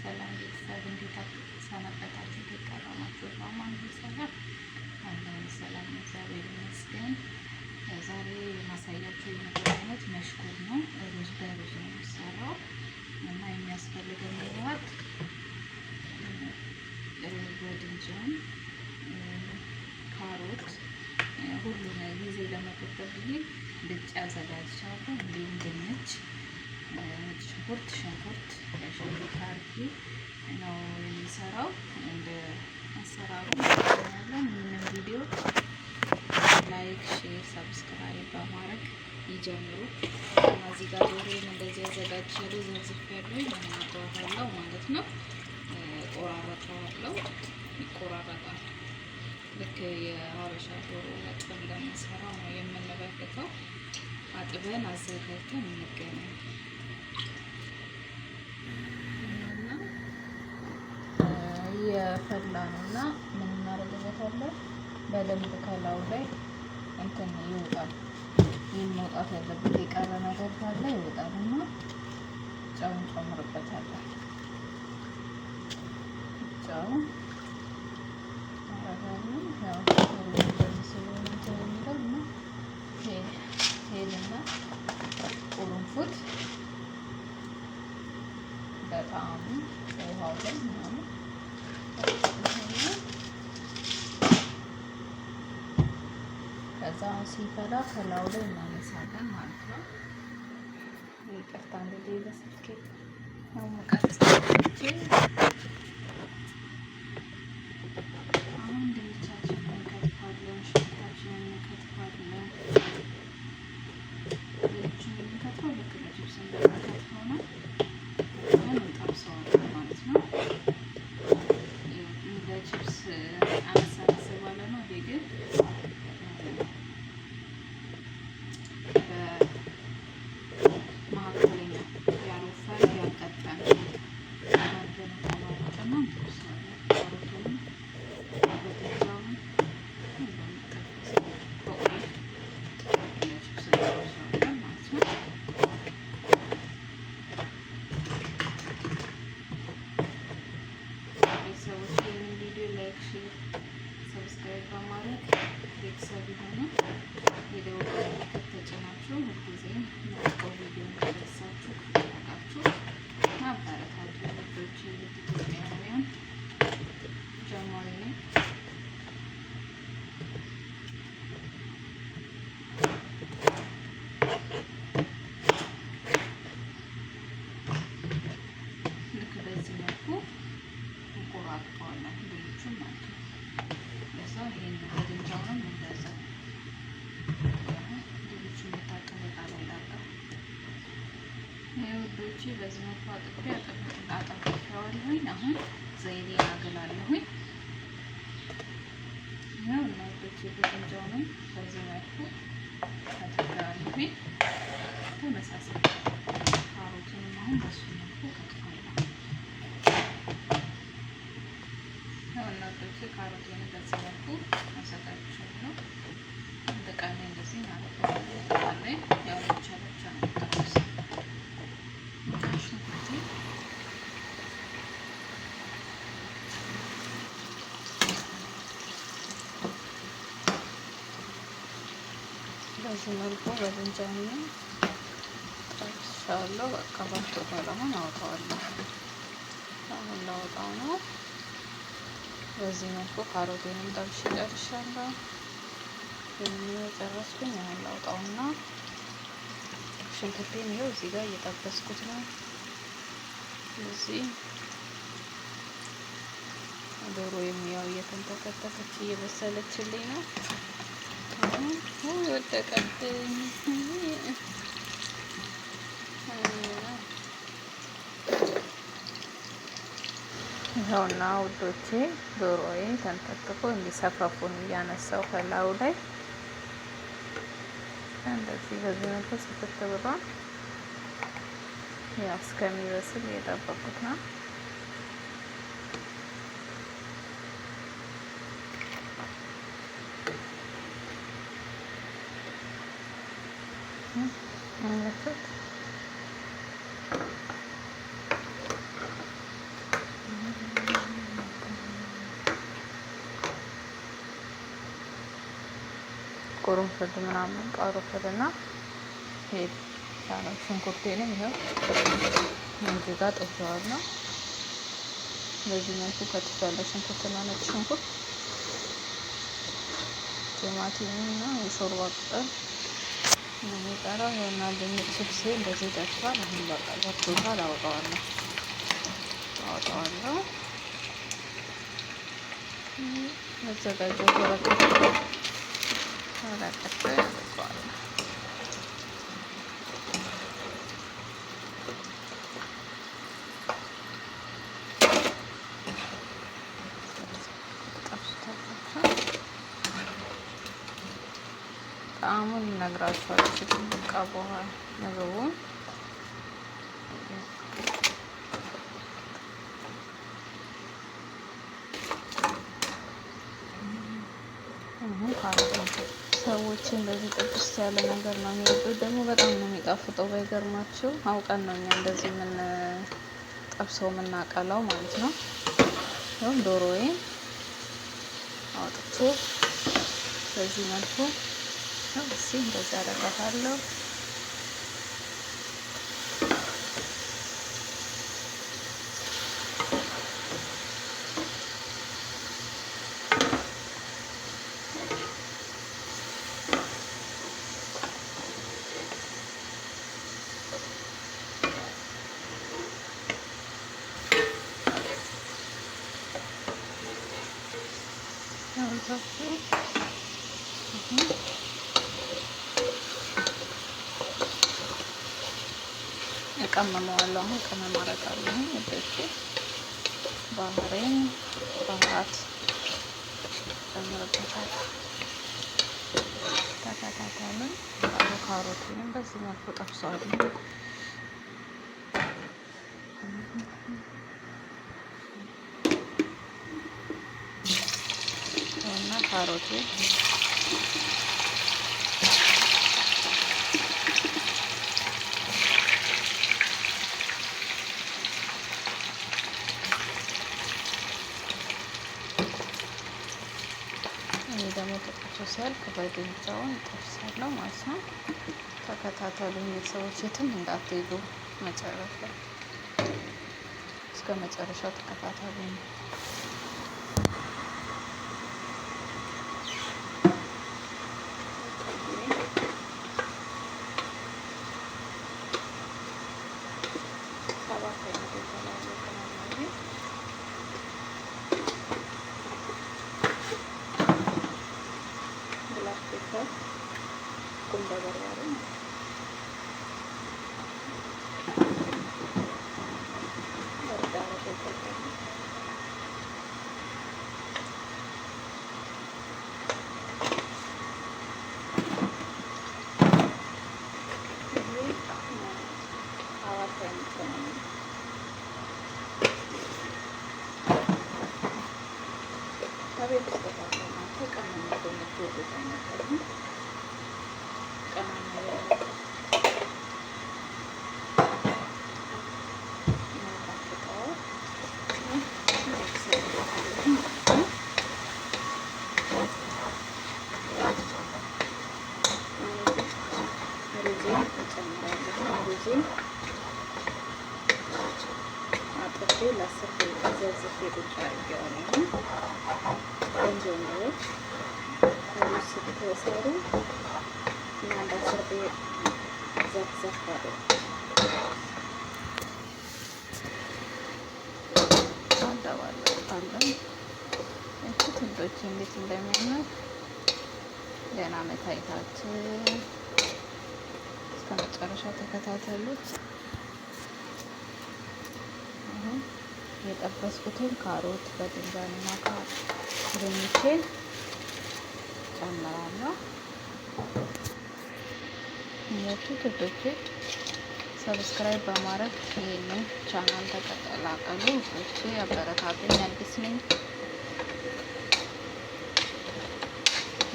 ሰላም ሰላም ቤተሰብ እንዴት ሰነበታችሁ? እንዴት ከረማችሁ? ራማን ሰላም አለን። ሰላም እግዚአብሔር ይመስገን። ዛሬ የማሳያችሁ የምግብ አይነት መሽኮር ነው። ሩዝ በሩዝ ነው የሚሰራው እና የሚያስፈልገን ግብአት በድንጃን፣ ካሮት ሁሉን ጊዜ ለመቆጠብ ብዬ ልጭ አዘጋጅቻለሁ። እንዲሁም ድንች ሽንኩርት ሽንኩርት ሽንኩርት አርጌ ነው የሚሰራው። እንደ አሰራሩ ያለን ይህንን ቪዲዮ ላይክ፣ ሼር፣ ሰብስክራይብ በማድረግ ይጀምሩ። እዚህ ጋር ዶሮን እንደዚህ ያዘጋጅሉ ዘብዝፍ ያለው ምናቀዋለው ማለት ነው። ቆራረጠዋለው ይቆራረጣል። ልክ የሀበሻ ዶሮ ወጥ እንደምንሰራው ነው የምንበልተው። አጥበን አዘጋጅተን እንገናኝ። የፈላ ነው እና ምን እናደርግበታለን? በደንብ ከላዩ ላይ እንትን ይወጣል። ይህን መውጣት ያለበት የቀረ ነገር ካለ ይወጣል እና ጨውን ጨምርበታለን። ጨውን ሲፈላ ከላው ላይ እናነሳለን ማለት ነው። ይቅርታ እንግዲህ በስልኬ ነው ሙቀት ሁልጊዜ ቆ ደሳችሁ ያቃችሁ ማበረታቱ ልጆች ልጆቼ በዚህ መልኩ አጥቤ አጠፋቸዋለሁኝ። አሁን ዘይቤ አገላለሁኝ። ያው እናቶች ልጆቼ ብዝንጃውንም በዚህ መልኩ አጥፋለሁኝ። ተመሳሳይ ካሮቱንም አሁን በሱ መልኩ ከትፋለሁ። ያው እናቶች ልጆቼ ካሮቱን በዚህ በብንጃኒ ሻለው በቃ ባልቶታል። አሁን አወጣዋለሁ። አሁን ላወጣው ነው። በዚህ መልኩ ካሮቴንም ጠብሼ ጨርሻለሁ። የጨረስኩኝ አሁን ላውጣውና ሽንኩርቴን ይኸው እዚህ ጋር እየጠበስኩት ነው። እዚህ ዶሮ የሚያው እየተንተከተከች እየበሰለችልኝ ነው። ወደቀብኝ። ይኸውና ውዶቼ ዶሮዬ ተንተክቶ እንዲሰፈፉን እያነሳው ከላዩ ላይ እንደዚህ በዚህ መልኩ ስፍት ብሏል። ያው እስከሚበስል እየጠበቁት ነው። ቅርንፉድ ምናምን ቀሩበት እና ሄድ ይቻላል። ሽንኩርቴንም ይኸው እዚህ ጋር ነው። በዚህ መልኩ ሽንኩርት ሽንኩርትና ነጭ ሽንኩርት፣ ቲማቲም ቲማቲምና የሾርባ ቅጠል የሚቀረው ይሆና ድንቅ ስብሴ እንደዚህ ጠጥቷል። አሁን በቃ ገብቶታል። አውጠዋለሁ አውጠዋለሁ መዘጋጀት ወረቀት ያላጠፈ ያጠቋል። ጣዕሙን እነግራችኋለሁ። በቃ በኋላ ምግቡ ሰዎች እንደዚህ ጥብስ ያለ ነገር ነው የሚወዱት። ደግሞ በጣም ነው የሚጣፍጠው። ባይገርማችሁ አውቀን ነው እኛ እንደዚህ የምንጠብሰው የምናቀላው ማለት ነው። ዶሮ ዶሮዬ አውጥቶ በዚህ መልኩ ነው እንደዚህ አደርጋታለሁ። እቀመመዋለሁ። አሁን ቅመም አደርጋለሁ። እጆቼ ባህሬን ባህራት ጨምርበታለሁ። ተከታተሉን። ካሮቱንም በዚህ መልኩ ጠብሰዋለሁ። እና ካሮቴ ስልክ በግልጫውን ጠብሳለሁ ማለት ነው። ተከታተሉ ቤተሰቦች፣ የትም እንዳትሄዱ። መጨረሻ እስከ መጨረሻው ተከታተሉ። ወጦች እንዴት እንደሚያምር ገና መታየታችን እስከ መጨረሻ ተከታተሉት። የጠበስኩትን ካሮት በድንጋን በድንጋንና ካሮሚቼን ጨምራለሁ። እነቱ ትቶች ሰብስክራይብ በማድረግ ይህንን ቻናል ተቀላቀሉ። ውዶቼ አበረታቱኝ። አዲስ ነኝ።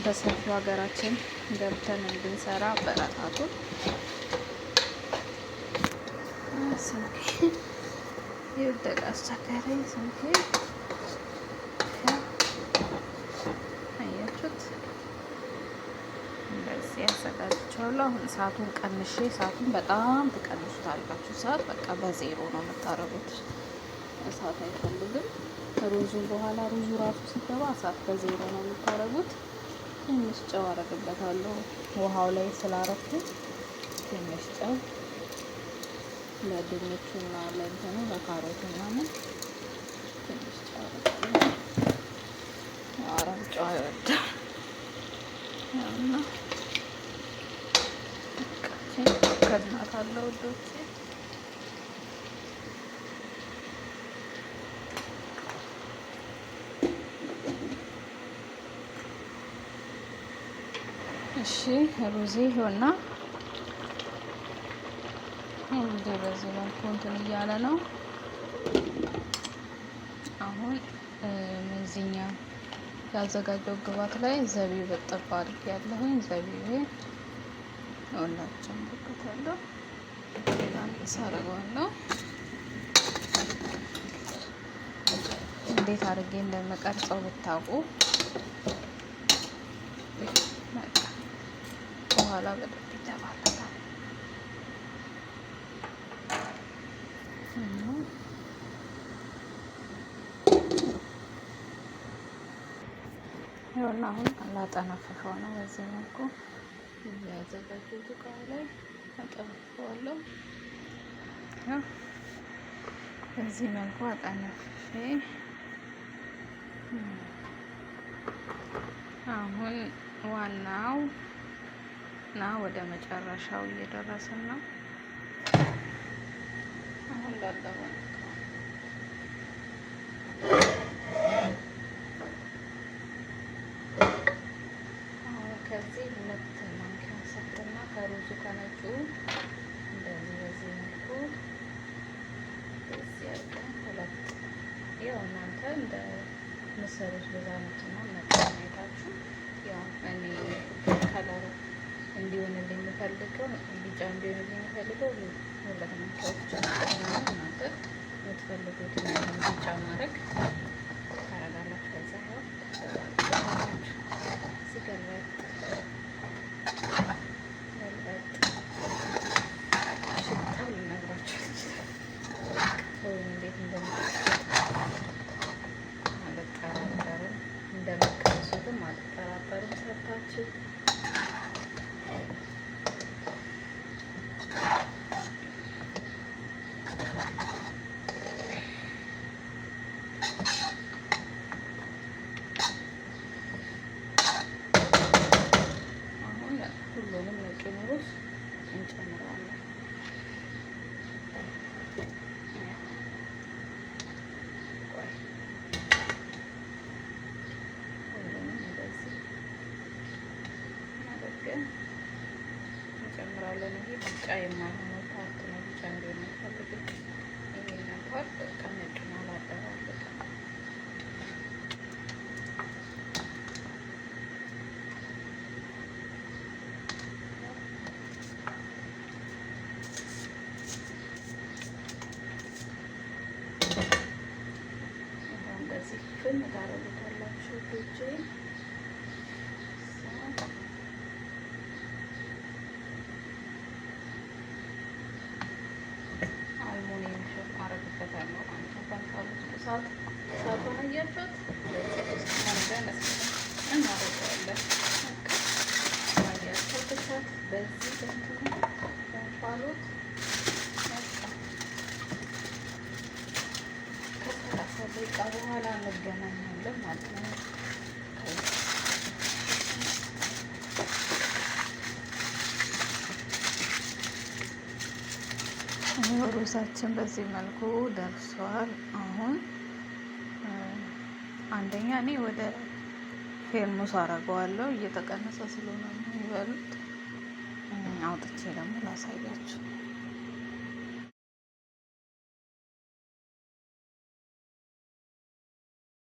በሰፊው ሀገራችን ገብተን እንድንሰራ አበረታቱን። ስንዴ የወደቀ አስቸጋሪ ስንዴ አያችሁት? እንደዚህ ያዘጋጅቻለሁ። አሁን እሳቱን ቀንሼ፣ እሳቱን በጣም ትቀንሱት ትቀንሱታላችሁ። ሰዓት በቃ በዜሮ ነው የምታረጉት። እሳት አይፈልግም። ከሩዙም በኋላ ሩዙ ራሱ ሲገባ እሳት በዜሮ ነው የምታረጉት። ትንሽ ጨው አደርግበታለሁ። ውሃው ላይ ስላረኩ ትንሽ ጨው ለድንቹ ለድንቹና ለእንትኑ ለካሮቱ ምናምን ትንሽ ጨው አረብ ጨው አይወዳ እና አለው ዶቼ ሩዜ ይሆና እንግዲህ በዚህ መልኩ እንትን እያለ ነው። አሁን እዚህኛው ያዘጋጀው ግባት ላይ ዘቢብ ያለሁኝ ብቅታለሁ ሳረገዋለሁ እንዴት አድርጌ እንደምቀርጸው ብታውቁ በኋላ በደንብ ይተባለታል። ይኸውና አሁን አላጠነፈፈው ነው። በዚህ መልኩ እያዘጋጀሁት እቃ ላይ አጠነፍፈዋለሁ። በዚህ መልኩ አጠነፍፌ አሁን ዋናው እና ወደ መጨረሻው እየደረስን ነው አሁን እንችላለን። ይሄ ቢጫ የማይሆነው ፓርት ነው። ብጫ እንደሆነ ፈልግ ይሄ ፓርት ቀነጭ ማላደራለቀ አደርግበታለሁ ማለት ነው። በንፋሎች እሳት እሳቱን እናደርገዋለን። ያችሁት እሳት በዚህ በንትኑ በንፋሎች ከሰላሳ ደቂቃ በኋላ እንገናኛለን ማለት ነው። ሩዛችን በዚህ መልኩ ደርሷል። አሁን አንደኛ እኔ ወደ ፌርሙስ አረገዋለሁ እየተቀነሰ ስለሆነ ይበሉት አውጥቼ ደግሞ ላሳያችሁ።